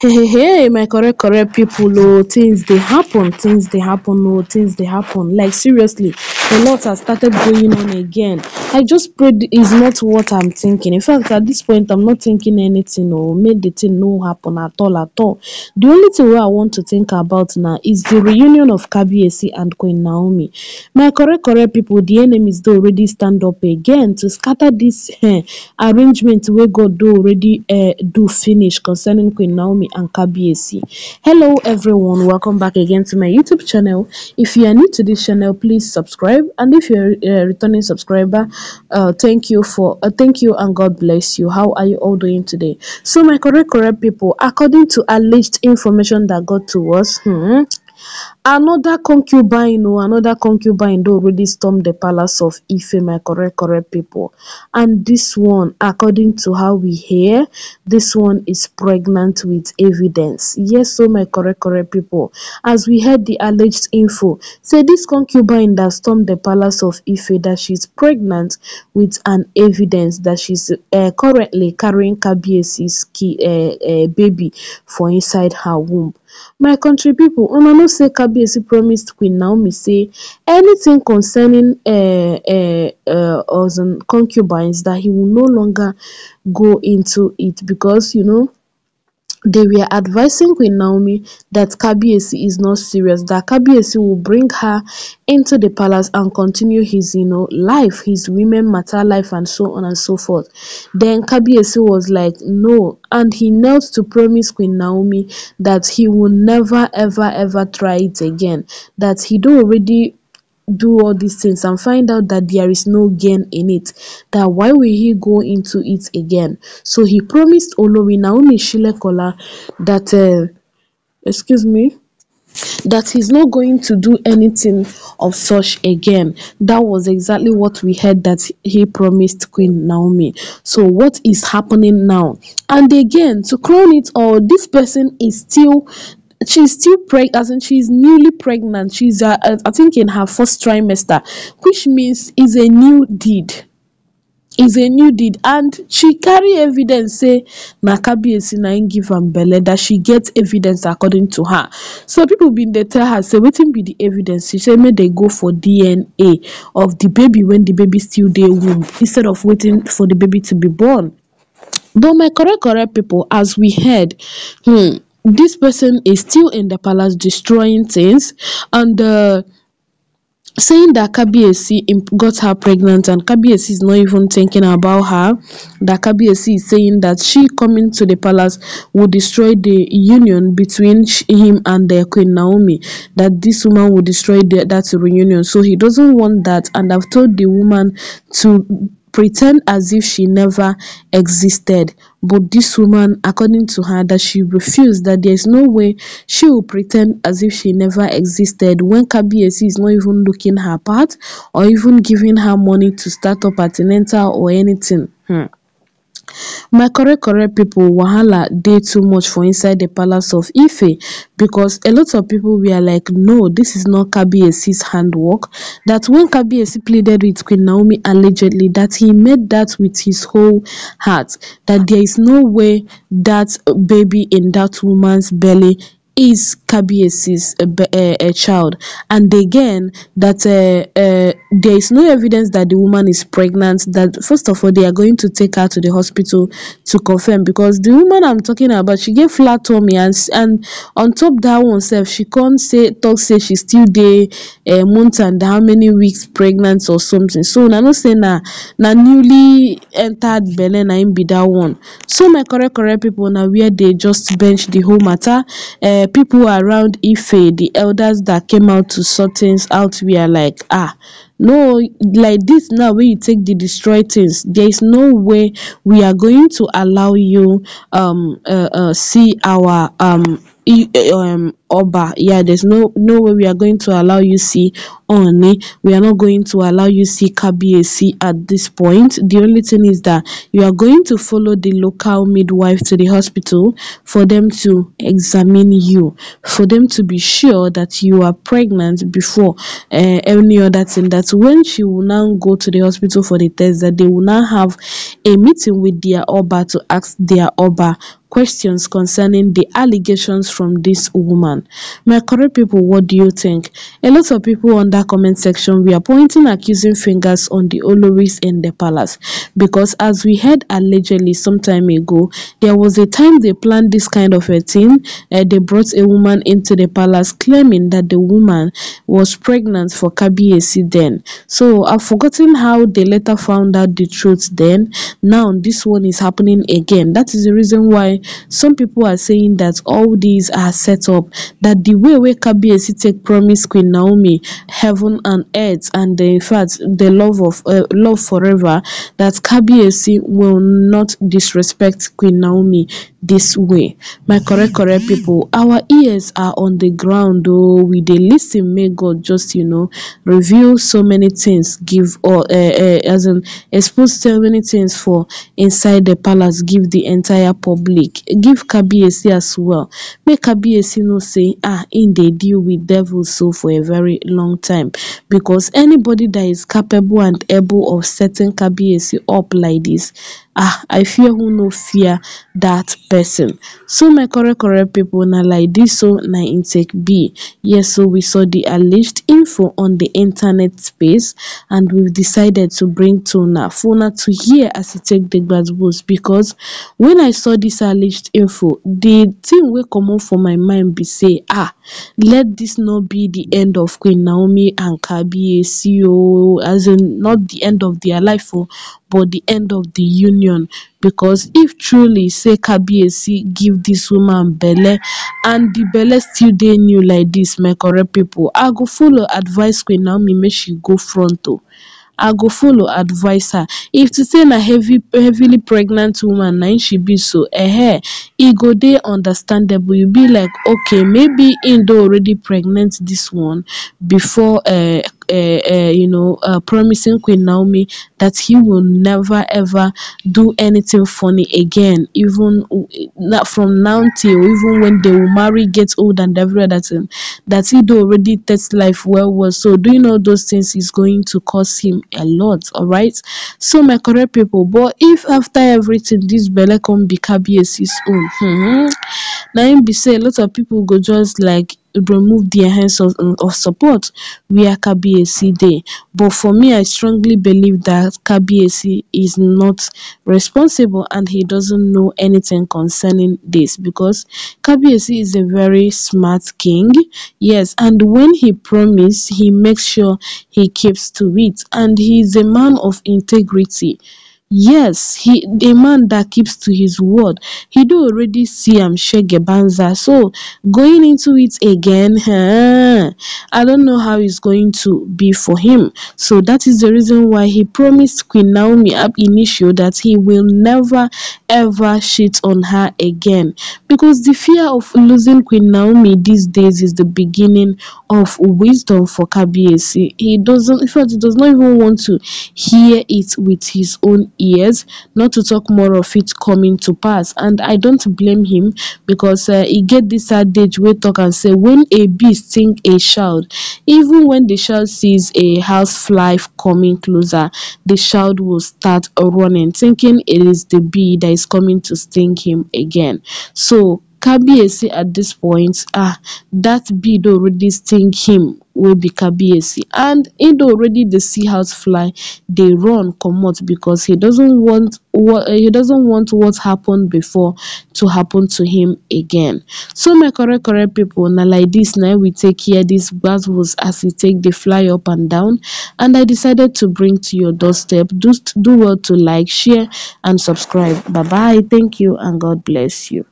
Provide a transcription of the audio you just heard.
hey hey my correct correct people Oh, things dey happen things dey happen Oh, things dey happen like seriously the lot has started going on again. I just prayed is not what I'm thinking. In fact, at this point, I'm not thinking anything or oh, made the thing no happen at all at all. The only thing I want to think about now is the reunion of Kabiesi and Queen Naomi. My correct correct people, the enemies do already stand up again to scatter this uh, arrangement where God do already uh, do finish concerning Queen Naomi and Kabiesi. Hello everyone, welcome back again to my YouTube channel. If you are new to this channel, please subscribe subscribe and if you're a returning subscriber uh thank you for uh, thank you and god bless you how are you all doing today so my correct correct people according to alleged information that got to us hmm, Another concubine, oh, another concubine they already stormed the palace of Ife, my correct, correct people. And this one, according to how we hear, this one is pregnant with evidence. Yes, so oh, my correct, correct people. As we heard the alleged info, say this concubine that stormed the palace of Ife, that she's pregnant with an evidence that she's uh, currently carrying Kabiesi's uh, uh, baby for inside her womb. My country people, una no say kabiyesi promise queen naomi say anything concerning uh uh um concubines that he will no longer go into it because you know. they were advising Queen Naomi that Kabiesi is not serious, that Kabiesi will bring her into the palace and continue his, you know, life, his women matter life and so on and so forth. Then Kabiesi was like, no, and he knelt to promise Queen Naomi that he will never, ever, ever try it again, that he do already do all these things and find out that there is no gain in it, that why will he go into it again? So he promised Olori Naomi Shilekola that, uh, excuse me, that he's not going to do anything of such again. That was exactly what we heard that he promised Queen Naomi. So what is happening now? And again, to crown it all, this person is still she's still pregnant, as in she's newly pregnant. She's, uh, uh, I think, in her first trimester, which means is a new deed. Is a new deed, and she carry evidence. Say Nakabi na give am belle that she gets evidence according to her. So people been they tell her say waiting be the evidence. She say may they go for DNA of the baby when the baby still there womb instead of waiting for the baby to be born. But my correct correct people, as we heard, hmm, this person is still in the palace destroying things and uh, saying that Kabiesi got her pregnant and Kabiesi is not even thinking about her. That Kabiesi is saying that she coming to the palace will destroy the union between him and the Queen Naomi. That this woman will destroy the, that reunion. So he doesn't want that. And I've told the woman to pretend as if she never existed but this woman according to her that she refused that there's no way she will pretend as if she never existed when kbsc is not even looking her part or even giving her money to start up at or anything hmm my correct correct people, wahala dey too much for inside the palace of ife because a lot of people were like no this is not kabiyesi handwork That when kabiyesi pleaded with queen naomi allegedly that he made that with his whole heart That there is no way that baby in that womans belly is Kabiesi's uh, uh, a child, and again that uh, there is no evidence that the woman is pregnant. That first of all, they are going to take her to the hospital to confirm because the woman I'm talking about she gave flat tummy and and on top that one self she can't say talk say she's still there a month and how many weeks pregnant or something. So I'm not say na na newly entered belle na him be that one. So my correct correct people na where they just bench the whole matter. Uh, people around ife the elders that came out to sort things out were like ah no like this now When you take the destroy things there is no way we are going to allow you um uh, uh, see our um um Oba. Yeah, there's no no way we are going to allow you see Only We are not going to allow you see KBAC at this point. The only thing is that you are going to follow the local midwife to the hospital for them to examine you, for them to be sure that you are pregnant before uh, any other thing that when she will now go to the hospital for the test that they will now have a meeting with their oba to ask their oba questions concerning the allegations from this woman. My correct people, what do you think? A lot of people on that comment section we are pointing accusing fingers on the Oloris and the palace because as we heard allegedly some time ago, there was a time they planned this kind of a thing. Uh, they brought a woman into the palace claiming that the woman was pregnant for Kabiesi then. So I've forgotten how they later found out the truth then. Now this one is happening again. That is the reason why some people are saying that all these are set up that the way where kabiyesi take promise queen naomi heaven and earth and in fact the love of uh, love forever that kabiyesi will not disrespect queen naomi this way my correct correct people our ears are on the ground oh we the listening. May god just you know reveal so many things give or uh, uh, as an expose so many things for inside the palace give the entire public give kabiyesi as well make kabiyesi know say ah, in they deal with devil so for a very long time because anybody that is capable and able of setting kabiyesi up like this ah i fear who no fear that person so my correct correct people now like this so na intake B. yes so we saw the alleged info on the internet space and we've decided to bring to una for to hear as e take the glass gbazgbos because when i saw this alleged info the thing come up for my mind be say ah let this not be the end of queen naomi and kabiyesi ooo as in not the end of their life oh, but the end of the union because if truly say kabiyesi give this woman belle and the belle still dey new like this, my correct people. i go follow advice queen naomi make she go fronto. Oh. I go follow advise her if to say na heavy heavily pregnant woman na she be so eh e go dey understandable you be like okay maybe Indo don already pregnant this one before um uh, you know, promising Queen Naomi that he will never ever do anything funny again, even uh, from now till even when they will marry, get old, and every other thing. That he do already test life well, was. So, do you know those things is going to cost him a lot, all right? So, my correct people, but if after everything this belle come be his own, mm -hmm, hmm now, be say a lot of people go just like remove their hands of, of support where KBAC day. But for me, I strongly believe that KBAC is not responsible and he doesn't know anything concerning this because KBAC is a very smart king. Yes, and when he promised, he makes sure he keeps to it and he is a man of integrity. Yes, he the man that keeps to his word. He do already see I'm Shege Banza. So going into it again, huh, I don't know how it's going to be for him. So that is the reason why he promised Queen Naomi up initio that he will never ever shit on her again. Because the fear of losing Queen Naomi these days is the beginning of wisdom for Kabiesi. He doesn't in fact he does not even want to hear it with his own Years, not to talk more of it coming to pass and i don't blame him because uh, get this adage we talk and say when a bee sting a child even when the child sees a housefly coming closer the child will start running thinking it is the bee that is coming to sting him again so Kabiyesi at this point, ah, that bid already sting him will be Kabiyesi and it already the see house fly they run commode because he doesn't want what he doesn't want what happened before to happen to him again. So my correct correct people now like this now we take this dis was as we take the fly up and down and I decided to bring to your doorstep. Do, do well to like, share and subscribe. Bye bye. Thank you and God bless you.